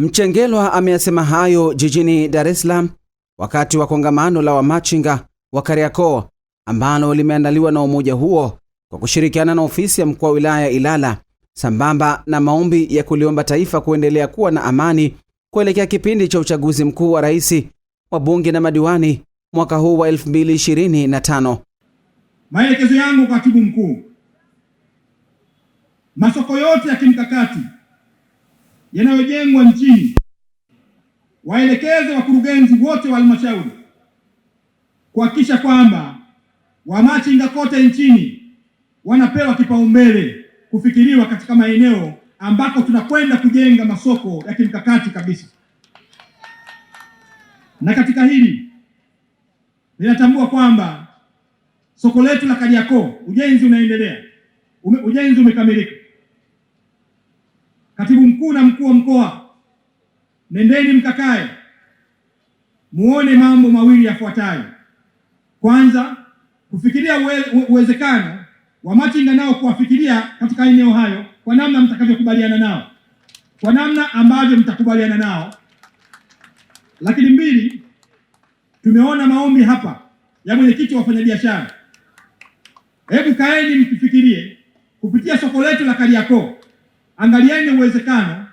Mchengelwa ameyasema hayo jijini Dar es Salaam wakati wa kongamano la wamachinga wa Kariakoo ambalo limeandaliwa na umoja huo kwa kushirikiana na ofisi ya mkuu wa wilaya ya Ilala sambamba na maombi ya kuliomba taifa kuendelea kuwa na amani kuelekea kipindi cha uchaguzi mkuu wa rais, bunge na madiwani mwaka huu wa 2025. Maelekezo yangu katibu mkuu, masoko yote ya kimkakati yanayojengwa nchini, waelekeze wakurugenzi wote wa halmashauri kuhakikisha kwamba wamachinga kote nchini wanapewa kipaumbele kufikiriwa katika maeneo ambako tunakwenda kujenga masoko ya kimkakati kabisa. Na katika hili ninatambua kwamba soko letu la Kariakoo ujenzi unaendelea ujenzi umekamilika katibu mkuu na mkuu wa mkoa, nendeni mkakae muone mambo mawili yafuatayo. Kwanza, kufikiria uwezekano wa machinga nao kuwafikiria katika eneo hayo kwa namna mtakavyokubaliana nao, kwa namna ambavyo mtakubaliana nao. Lakini mbili, tumeona maombi hapa ya mwenyekiti wa wafanyabiashara, hebu kaeni mkifikirie kupitia soko letu la Kariakoo Angalieni uwezekano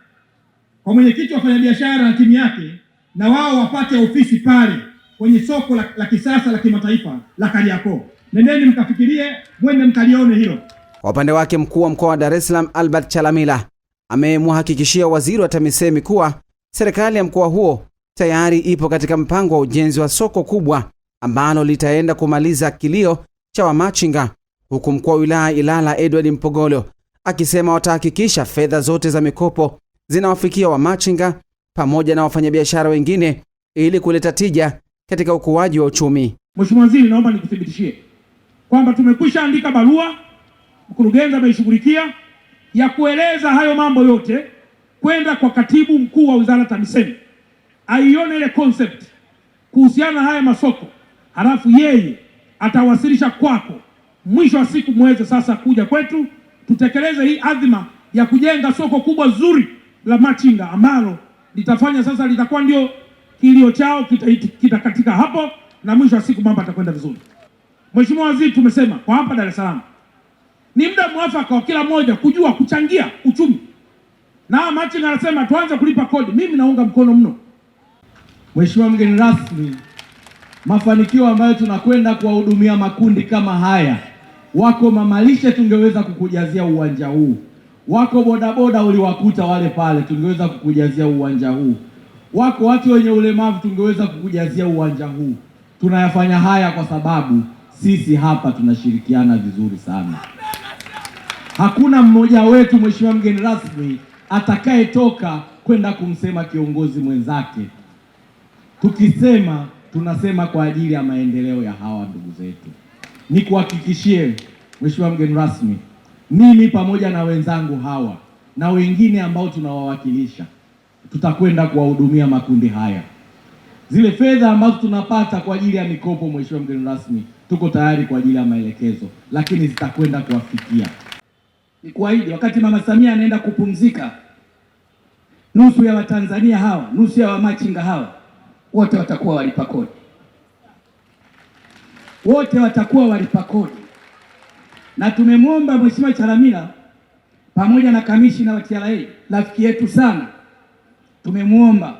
kwa mwenyekiti wa wafanyabiashara na timu yake, na wao wapate ofisi pale kwenye soko la, la kisasa la kimataifa la Kariakoo. Nendeni mkafikirie, mwende mkalione hilo. Kwa upande wake mkuu wa mkoa wa Dar es Salaam Albert Chalamila amemhakikishia waziri wa TAMISEMI kuwa serikali ya mkoa huo tayari ipo katika mpango wa ujenzi wa soko kubwa ambalo litaenda kumaliza kilio cha wamachinga, huku mkuu wa wilaya Ilala Edward Mpogolo akisema watahakikisha fedha zote za mikopo zinawafikia wamachinga pamoja na wafanyabiashara wengine ili kuleta tija katika ukuaji wa uchumi. Mheshimiwa Waziri, naomba nikuthibitishie kwamba tumekwisha andika barua, mkurugenzi ameishughulikia, ya kueleza hayo mambo yote kwenda kwa katibu mkuu wa wizara TAMISEMI aione ile concept kuhusiana na haya masoko, halafu yeye atawasilisha kwako, mwisho wa siku mweze sasa kuja kwetu tutekeleze hii adhima ya kujenga soko kubwa zuri la machinga ambalo litafanya sasa, litakuwa ndio kilio chao kitakatika kita, kita hapo, na mwisho wa siku mambo atakwenda vizuri. Mheshimiwa Waziri, tumesema kwa hapa Dar es Salaam ni muda mwafaka wa kila mmoja kujua kuchangia uchumi, na machinga anasema tuanze kulipa kodi. Mimi naunga mkono mno. Mheshimiwa mgeni rasmi, mafanikio ambayo tunakwenda kuwahudumia makundi kama haya wako mamalishe, tungeweza kukujazia uwanja huu, wako bodaboda uliwakuta wale pale, tungeweza kukujazia uwanja huu, wako watu wenye ulemavu, tungeweza kukujazia uwanja huu. Tunayafanya haya kwa sababu sisi hapa tunashirikiana vizuri sana. Hakuna mmoja wetu, mheshimiwa mgeni rasmi, atakayetoka kwenda kumsema kiongozi mwenzake. Tukisema tunasema kwa ajili ya maendeleo ya hawa ndugu zetu ni kuhakikishie Mheshimiwa mgeni rasmi, mimi pamoja na wenzangu hawa na wengine ambao tunawawakilisha tutakwenda kuwahudumia makundi haya. Zile fedha ambazo tunapata kwa ajili ya mikopo, Mheshimiwa mgeni rasmi, tuko tayari kwa ajili ya maelekezo, lakini zitakwenda kuwafikia. Ni kuahidi, wakati Mama Samia anaenda kupumzika, nusu ya Watanzania hawa, nusu ya wamachinga hawa wote watakuwa walipa kodi wote watakuwa walipa kodi, na tumemwomba Mheshimiwa Chalamila pamoja na kamishina wa TRA rafiki yetu sana, tumemwomba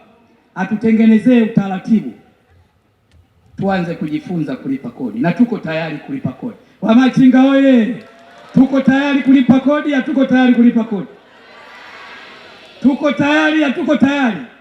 atutengenezee utaratibu tuanze kujifunza kulipa kodi, na tuko tayari kulipa kodi. Wamachinga oye! Tuko tayari kulipa kodi, hatuko tayari kulipa kodi? Tuko tayari, hatuko tayari?